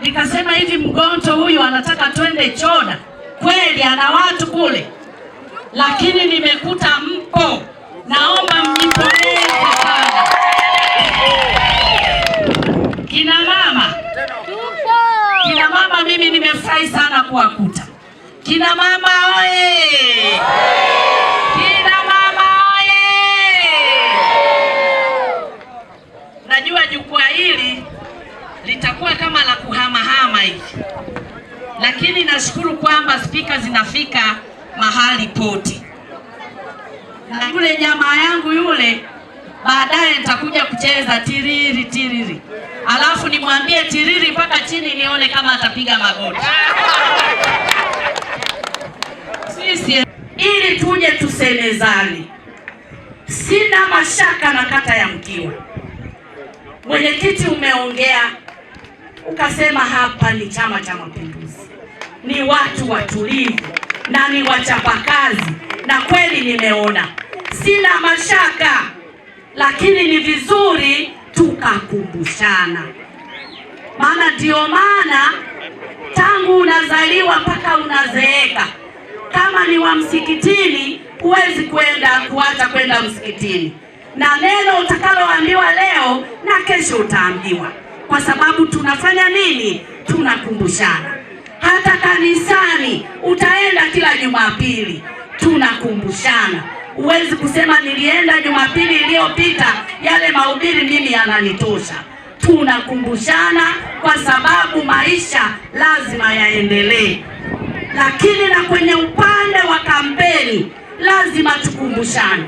nikasema hivi, Mgonto huyu anataka twende Chona kweli, ana watu kule, lakini nimekuta mpo, naomba mnipolee sana. Kina mama, kina mama, mimi nimefurahi sana kuwakuta kina mama oye! lakini nashukuru kwamba spika zinafika mahali pote, na yule jamaa yangu yule baadaye nitakuja kucheza tiriri tiriri, alafu nimwambie tiriri mpaka chini, nione kama atapiga magoti sisi, ili tuje tusemezane. Sina mashaka na kata ya Mkiwa. Mwenyekiti, umeongea ukasema hapa ni Chama cha Mapinduzi ni watu watulivu na ni wachapakazi, na kweli nimeona, sina mashaka, lakini ni vizuri tukakumbushana, maana ndio maana tangu unazaliwa mpaka unazeeka, kama ni wa msikitini, huwezi kwenda kuacha kwenda msikitini, na neno utakaloambiwa leo na kesho utaambiwa, kwa sababu tunafanya nini? Tunakumbushana kanisani, utaenda kila Jumapili, tunakumbushana. Huwezi kusema nilienda Jumapili iliyopita, yale mahubiri mimi yananitosha. Tunakumbushana kwa sababu maisha lazima yaendelee, lakini na kwenye upande wa kampeni lazima tukumbushane.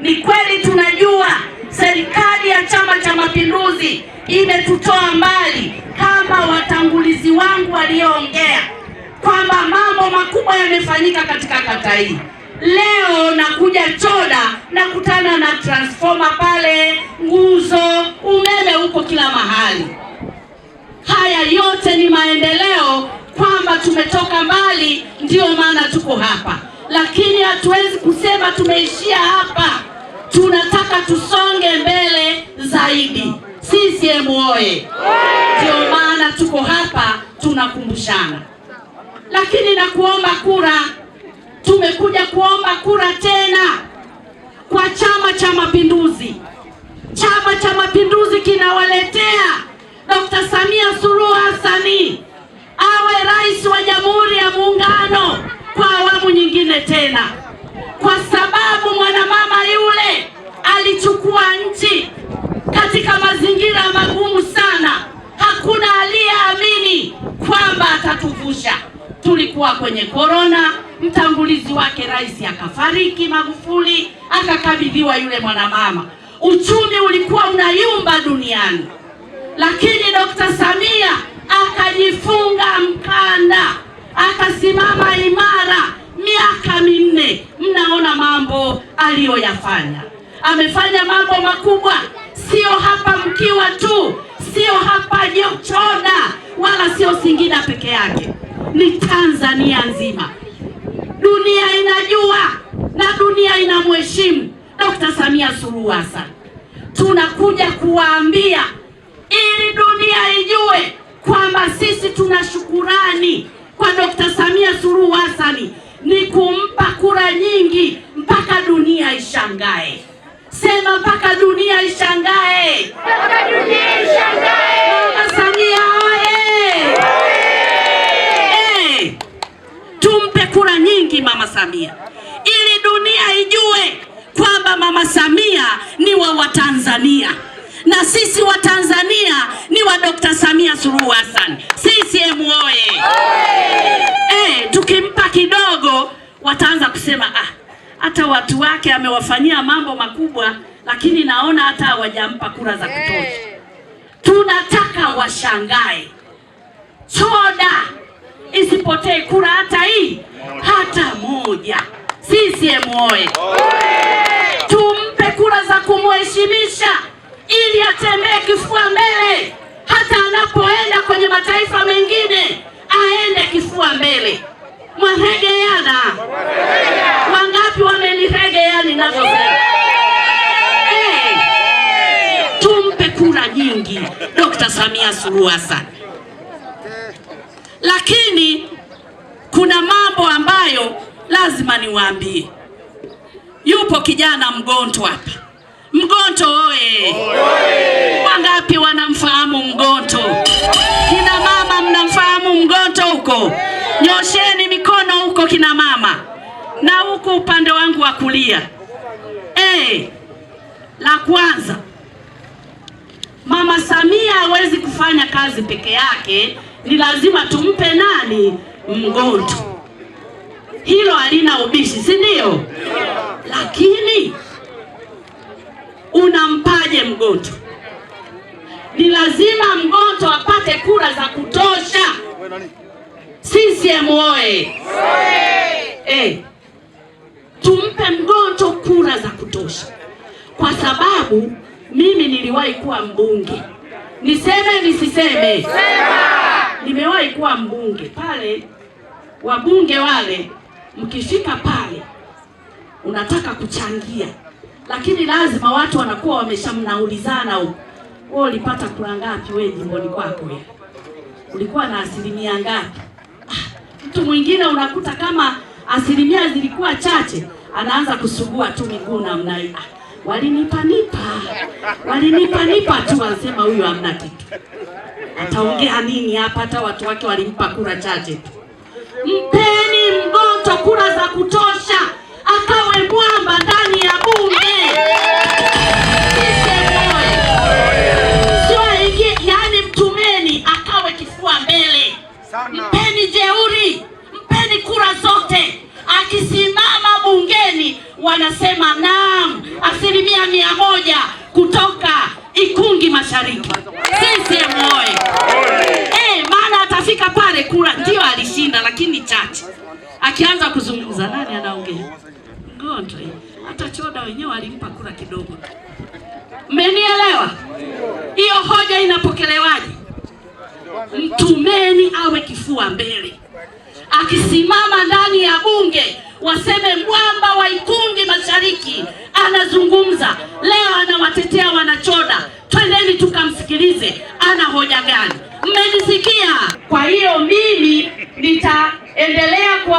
Ni kweli tunajua serikali ya Chama cha Mapinduzi imetutoa mbali, kama watangulizi wangu walioongea kwamba mambo makubwa yamefanyika katika kata hii. Leo nakuja Choda nakutana na transformer pale, nguzo, umeme huko kila mahali. Haya yote ni maendeleo, kwamba tumetoka mbali, ndiyo maana tuko hapa, lakini hatuwezi kusema tumeishia hapa. Tunataka tusonge mbele zaidi. CCM oye! Ndiyo maana tuko hapa tunakumbushana lakini na kuomba kura. Tumekuja kuomba kura tena kwa Chama cha Mapinduzi. Chama cha Mapinduzi kinawaletea Dr. Samia Suluhu hasani awe rais wa Jamhuri ya Muungano kwa awamu nyingine tena, kwa sababu mwanamama yule alichukua nchi katika mazingira magumu sana. Hakuna aliyeamini kwamba atatuvusha tulikuwa kwenye korona, mtangulizi wake rais akafariki, Magufuli akakabidhiwa yule mwanamama, uchumi ulikuwa unayumba duniani, lakini Dr. Samia akajifunga mkanda, akasimama imara miaka minne. Mnaona mambo aliyoyafanya, amefanya mambo makubwa, sio hapa Mkiwa tu, sio hapa Jochona, wala sio Singida peke yake ni Tanzania nzima. Dunia inajua na dunia inamheshimu Dr. Samia Suluhu Hassan. Tunakuja kuwaambia ili dunia ijue kwamba sisi tuna shukurani kwa Dr. Samia Suluhu Hassan, ni kumpa kura nyingi mpaka dunia ishangae. Sema mpaka dunia ishangae, mpaka dunia ishangae. kura nyingi Mama Samia, ili dunia ijue kwamba Mama Samia ni wa Watanzania na sisi Watanzania ni wa Dr. Samia Suluhu Hassan. CCM oye! Eh, tukimpa kidogo wataanza kusema ah, hata watu wake amewafanyia mambo makubwa, lakini naona hata hawajampa kura za kutosha. Eh. Tunataka washangae soda isipotee kura hata hii hata moja. CCM oye! Tumpe kura za kumheshimisha ili atembee kifua mbele, hata anapoenda kwenye mataifa mengine aende kifua mbele. Mwaregeana wangapi? Wameniregea ninavyosema. Eh, tumpe kura nyingi Dkt. Samia Suluhu Hassan, lakini kuna mambo ambayo lazima niwaambie. Yupo kijana Mgonto hapa. Mgonto oye! Wangapi wanamfahamu Mgonto? Kina mama mnamfahamu Mgonto huko? Nyosheni mikono huko kina mama, na huku upande wangu wa kulia. E, la kwanza Mama Samia hawezi kufanya kazi peke yake, ni lazima tumpe nani? mgonjwa. Hilo halina ubishi, si ndio? Lakini unampaje mgonjwa? Ni lazima mgonjwa apate kura za kutosha. CCM oye! Eh, tumpe mgonjwa kura za kutosha, kwa sababu mimi niliwahi kuwa mbunge. Niseme nisiseme? Nimewahi kuwa mbunge pale wabunge wale mkifika pale, unataka kuchangia, lakini lazima watu wanakuwa wameshamnaulizana huko, wewe ulipata kura ngapi? Wewe jimboni kwako wewe ulikuwa na asilimia ngapi? Ah, mtu mwingine unakuta kama asilimia zilikuwa chache, anaanza kusugua tu miguu namna Ah, walinipa nipa walinipa nipa tu, anasema huyu hamna kitu, ataongea nini hapa? Hata watu wake walimpa kura chache tu mpeni Mgonto kura za kutosha akawe mwamba ndani ya Bunge. lakini chache. Akianza kuzungumza nani anaongea? Gondwe. Hata choda wenyewe alimpa kura kidogo. Mmenielewa? Hiyo hoja inapokelewaje? Mtumeni awe kifua mbele, akisimama ndani ya bunge waseme mwamba wa Ikungi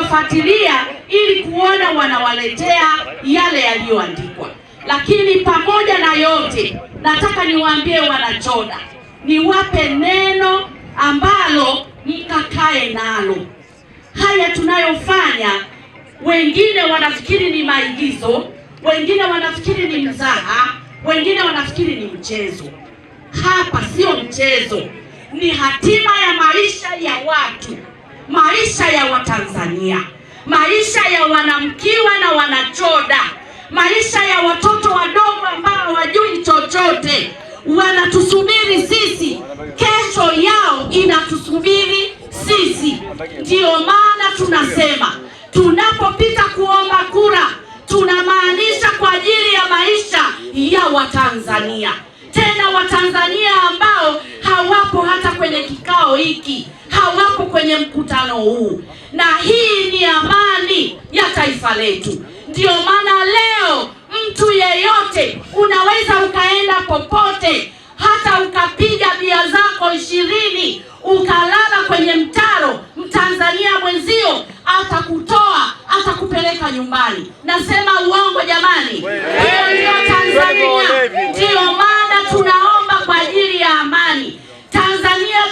kuwafuatilia ili kuona wanawaletea yale yaliyoandikwa. Lakini pamoja na yote, nataka niwaambie wanachoda, niwape neno ambalo mkakae nalo. Haya tunayofanya wengine wanafikiri ni maigizo, wengine wanafikiri ni mzaha, wengine wanafikiri ni mchezo. Hapa sio mchezo, ni hatima ya maisha ya watu maisha ya Watanzania, maisha ya wanamkiwa na wanachoda, maisha ya watoto wadogo ambao hawajui chochote, wanatusubiri sisi, kesho yao inatusubiri sisi. ndio maana tunasema tunapopita kuomba kura tunamaanisha kwa ajili ya maisha ya Watanzania, tena Watanzania ambao hawapo hata kwenye kikao hiki hawako kwenye mkutano huu, na hii ni amani ya taifa letu. ndio maana leo mtu yeyote unaweza ukaenda popote, hata ukapiga bia zako ishirini ukalala kwenye mtaro, mtanzania mwenzio atakutoa atakupeleka nyumbani. Nasema uongo jamani? Hiyo ndiyo Tanzania, ndiyo maana tuna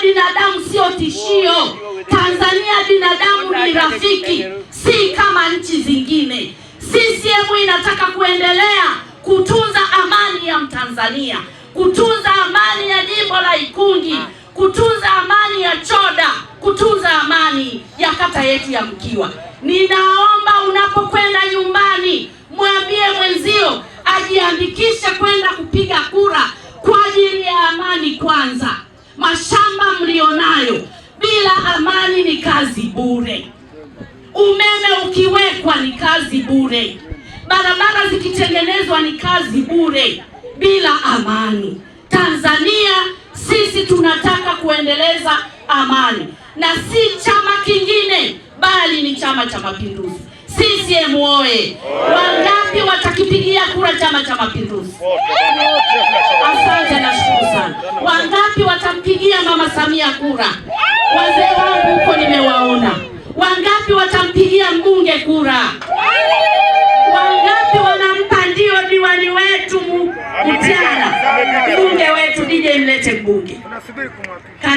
binadamu sio tishio. Oh, Tanzania binadamu ni rafiki, si kama nchi zingine. CCM inataka kuendelea kutunza amani ya Mtanzania, kutunza amani ya jimbo la Ikungi, ah. kutunza amani ya Choda, kutunza amani ya kata yetu ya Mkiwa. Ninaomba unapokwenda nyumbani, mwambie mwenzio ajiandikishe kwenda kupiga kura kwa ajili ya amani kwanza mashamba mlionayo. Bila amani ni kazi bure, umeme ukiwekwa ni kazi bure, barabara zikitengenezwa ni kazi bure. Bila amani, Tanzania sisi tunataka kuendeleza amani, na si chama kingine, bali ni Chama cha Mapinduzi. CCM oye! Wangapi watakipigia kura Chama cha Mapinduzi? kusimamia kura. Wazee wangu huko nimewaona, wangapi watampigia mbunge kura? Wangapi wanampa ndio diwani wetu Mtwara, mbunge wetu? DJ, mlete mbunge.